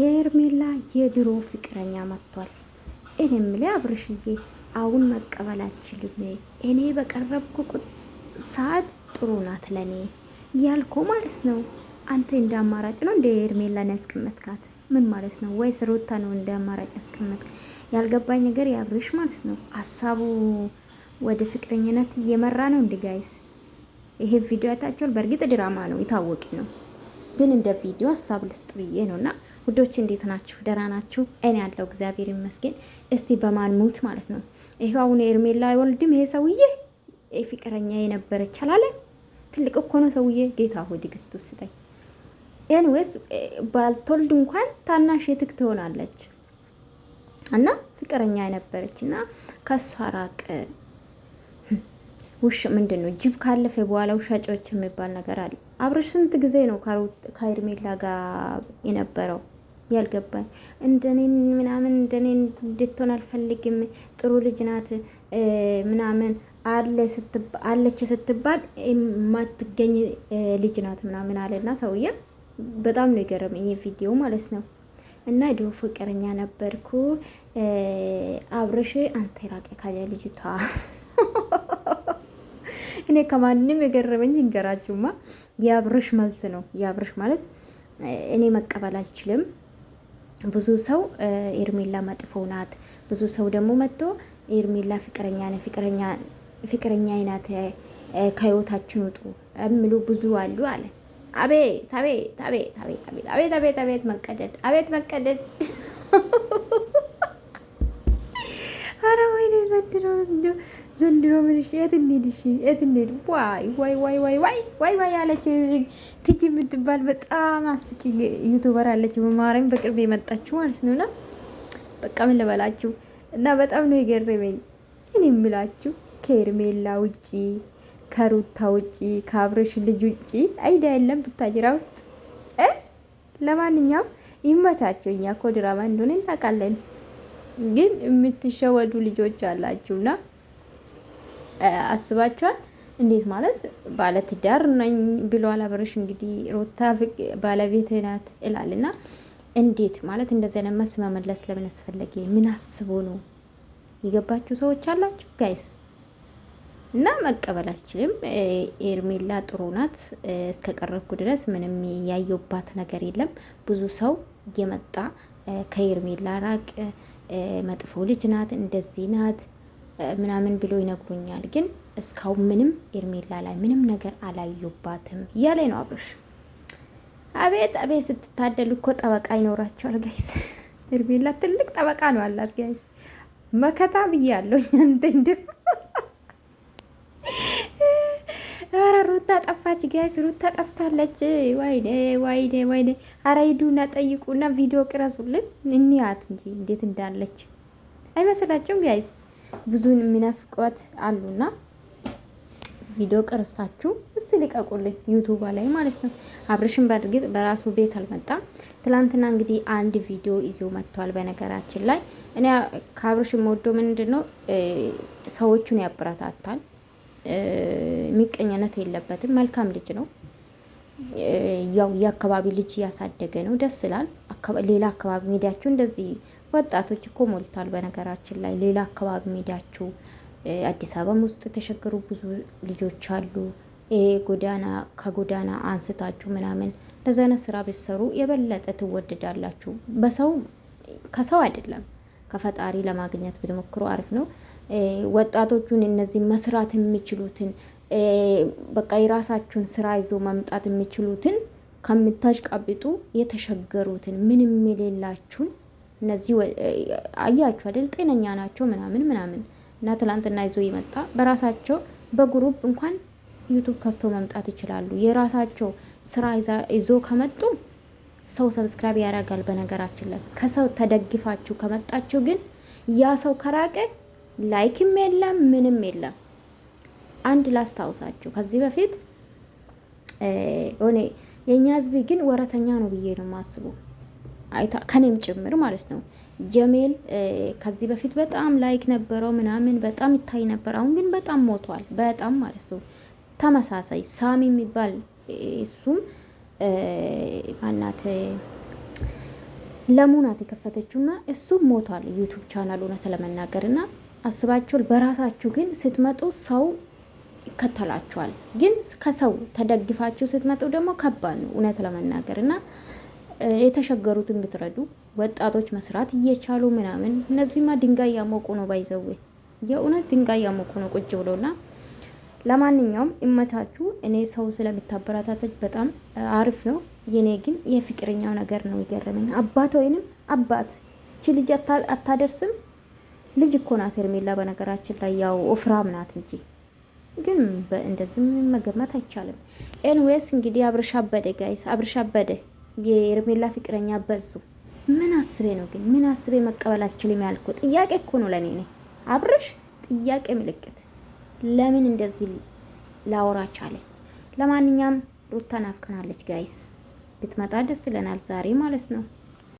የሄርሜላ የድሮ ፍቅረኛ መጥቷል። እኔ ላይ አብርሽዬ አሁን መቀበል አልችልም፣ እኔ በቀረብኩ ሰዓት ጥሩ ናት ለእኔ ያልኮ ማለት ነው። አንተ እንደ አማራጭ ነው እንደ ሄርሜላን ያስቀመጥካት ምን ማለት ነው? ወይስ ሩታ ነው እንደ አማራጭ ያልገባኝ ነገር ያብርሽ ማለት ነው ሀሳቡ ወደ ፍቅረኝነት እየመራ ነው። እንደ ጋይስ ይሄ ቪዲዮ አይታችኋል። በእርግጥ ድራማ ነው የታወቂ ነው፣ ግን እንደ ቪዲዮ ሀሳብ ልስጥ ብዬ ነውና ውዶች እንዴት ናችሁ? ደህና ናችሁ? እኔ ያለው እግዚአብሔር ይመስገን። እስቲ በማንሙት ማለት ነው ይሄው አሁን ኤርሜላ አይወልድም። ይሄ ሰውዬ ፍቅረኛ የነበረች አላለ ትልቅ እኮ ነው ሰውዬ። ጌታ ሆይ ትዕግስት ስጠኝ። ኤንዌስ ባልቶልድ እንኳን ታናሽ የትክ ትሆናለች እና ፍቅረኛ የነበረች እና ከእሷ ራቅ። ውሽ ምንድን ነው ጅብ ካለፈ በኋላ ውሻ የሚባል ነገር አለ። አብረሽ ስንት ጊዜ ነው ከኤርሜላ ጋር የነበረው? ያልገባኝ እንደኔ ምናምን እንደኔ እንድትሆን አልፈልግም፣ ጥሩ ልጅ ናት ምናምን አለች ስትባል የማትገኝ ልጅ ናት ምናምን አለና ሰውዬ በጣም ነው የገረመኝ ይሄ ቪዲዮ ማለት ነው። እና ድሮ ፍቅረኛ ነበርኩ አብረሽ አንተ ራቅ ካለ ልጅቷ እኔ ከማንም የገረመኝ እንገራችሁማ የአብረሽ መልስ ነው። የአብረሽ ማለት እኔ መቀበል አልችልም ብዙ ሰው ኤርሜላ መጥፎ ናት፣ ብዙ ሰው ደግሞ መጥቶ ኤርሜላ ፍቅረኛ ነ ፍቅረኛ አይናት ከህይወታችን ውጡ የሚሉ ብዙ አሉ አለ። አቤት አቤት አቤት አቤት አቤት አቤት አቤት መቀደድ አቤት መቀደድ ዘንድሮ ዘንድሮ ምን የት እንሂድ? እሺ፣ የት እንሂድ? ዋይ ዋይ ዋይ ዋይ ዋይ ዋይ ዋይ አለች። ትጂ የምትባል በጣም ዩቱበር አለች። በቅርብ የመጣችው ማለት በቃ ምን ልበላችሁ እና በጣም ነው የገረመኝ። እኔ የምላችሁ ውጪ ከሩታ ውጪ ከአብረሽ ልጅ ውጪ የለም ብታጅራ ውስጥ። ለማንኛውም ይመቻቸው። እኛ እኮ ድራማ እንደሆነ እናውቃለን። ግን የምትሸወዱ ልጆች አላችሁና አስባችኋል። እንዴት ማለት ባለትዳር ነኝ ብሏል አብርሽ። እንግዲህ ሩታ ባለቤት ናት እላልና እንዴት ማለት እንደዚህ አይነት መልስ መመለስ ለምን አስፈለገ? ምን አስቦ ነው? የገባችሁ ሰዎች አላችሁ ጋይስ እና መቀበል አልችልም። ኤርሜላ ጥሩ ናት እስከ ቀረብኩ ድረስ ምንም ያየውባት ነገር የለም። ብዙ ሰው እየመጣ ከኤርሜላ ራቅ መጥፎ ልጅ ናት፣ እንደዚህ ናት ምናምን ብሎ ይነግሩኛል። ግን እስካሁን ምንም ኤርሜላ ላይ ምንም ነገር አላዩባትም እያለ ነው አብሮሽ። አቤት አቤት ስትታደሉ እኮ ጠበቃ ይኖራቸዋል ጋይስ። ኤርሜላ ትልቅ ጠበቃ ነው አላት ጋይስ። መከታ ብያለሁ እንደ ጠፋች ጋይስ፣ ሩታ ጠፍታለች። ወይኔ ወይኔ ወይኔ! አረ ሂዱና ጠይቁና ቪዲዮ ቅረጹልን እንያት እንጂ እንዴት እንዳለች አይመስላችሁም ጋይስ? ብዙ የሚናፍቋት አሉና ቪዲዮ ቅርሳችሁ እስቲ ልቀቁልን ዩቱባ ላይ ማለት ነው። አብርሽን በእርግጥ በራሱ ቤት አልመጣም። ትላንትና እንግዲህ አንድ ቪዲዮ ይዞ መጥቷል። በነገራችን ላይ እኔ ከአብርሽ የምወደው ምንድን ነው ሰዎቹን ያበረታታል ምቀኝነት የለበትም። መልካም ልጅ ነው። ያው የአካባቢ ልጅ እያሳደገ ነው። ደስ ይላል። ሌላ አካባቢ ሚዲያችሁ እንደዚህ ወጣቶች እኮ ሞልቷል። በነገራችን ላይ ሌላ አካባቢ ሚዲያችሁ አዲስ አበባም ውስጥ የተሸገሩ ብዙ ልጆች አሉ። ጎዳና ከጎዳና አንስታችሁ ምናምን ለዘነ ስራ ብትሰሩ የበለጠ ትወደዳላችሁ። በሰው ከሰው አይደለም ከፈጣሪ ለማግኘት ብትሞክሩ አሪፍ ነው። ወጣቶቹን እነዚህ መስራት የሚችሉትን በቃ የራሳችሁን ስራ ይዞ መምጣት የሚችሉትን ከምታሽቃብጡ የተሸገሩትን ምንም የሌላችሁን እነዚህ አያችሁ አይደል? ጤነኛ ናቸው ምናምን ምናምን እና ትላንትና ይዞ ይመጣ በራሳቸው በግሩፕ እንኳን ዩቱብ ከፍተው መምጣት ይችላሉ። የራሳቸው ስራ ይዞ ከመጡ ሰው ሰብስክራይብ ያደርጋል። በነገራችን ላይ ከሰው ተደግፋችሁ ከመጣችሁ ግን ያ ሰው ከራቀ ላይክም የለም ምንም የለም። አንድ ላስታውሳችሁ ከዚህ በፊት ሆኔ የእኛ ህዝብ ግን ወረተኛ ነው ብዬ ነው ማስቡ ከኔም ጭምር ማለት ነው። ጀሜል ከዚህ በፊት በጣም ላይክ ነበረው ምናምን በጣም ይታይ ነበር። አሁን ግን በጣም ሞቷል፣ በጣም ማለት ነው። ተመሳሳይ ሳሚ የሚባል እሱም ማናት ለሙናት የከፈተችውና እሱም ሞቷል ዩቱብ ቻናል እውነት ለመናገር እና አስባችሁል በራሳችሁ ግን ስትመጡ ሰው ይከተላችኋል። ግን ከሰው ተደግፋችሁ ስትመጡ ደግሞ ከባድ ነው እውነት ለመናገር እና የተሸገሩትን ብትረዱ ወጣቶች መስራት እየቻሉ ምናምን እነዚህማ ድንጋይ ያሞቁ ነው ባይዘዌ የእውነት ድንጋይ ያሞቁ ነው ቁጭ ብሎና ለማንኛውም እመቻችሁ። እኔ ሰው ስለሚታበረታተች በጣም አሪፍ ነው። የኔ ግን የፍቅረኛው ነገር ነው የገረመኝ። አባት ወይንም አባት ቺ ልጅ አታደርስም ልጅ እኮ ናት ሄርሜላ። በነገራችን ላይ ያው ወፍራም ናት እንጂ ግን እንደዚህ መገመት አይቻልም። ኤንዌስ እንግዲህ አብርሽ አበደ፣ ጋይስ አብርሽ አበደ። የሄርሜላ ፍቅረኛ በዙ። ምን አስቤ ነው ግን ምን አስቤ መቀበል አልችልም ያልኩ ጥያቄ እኮ ነው ለእኔ ነ አብርሽ ጥያቄ ምልክት። ለምን እንደዚህ ላወራ ቻለ? ለማንኛውም ሩታ ናፍቀናለች ጋይስ፣ ብትመጣ ደስ ይለናል ዛሬ ማለት ነው።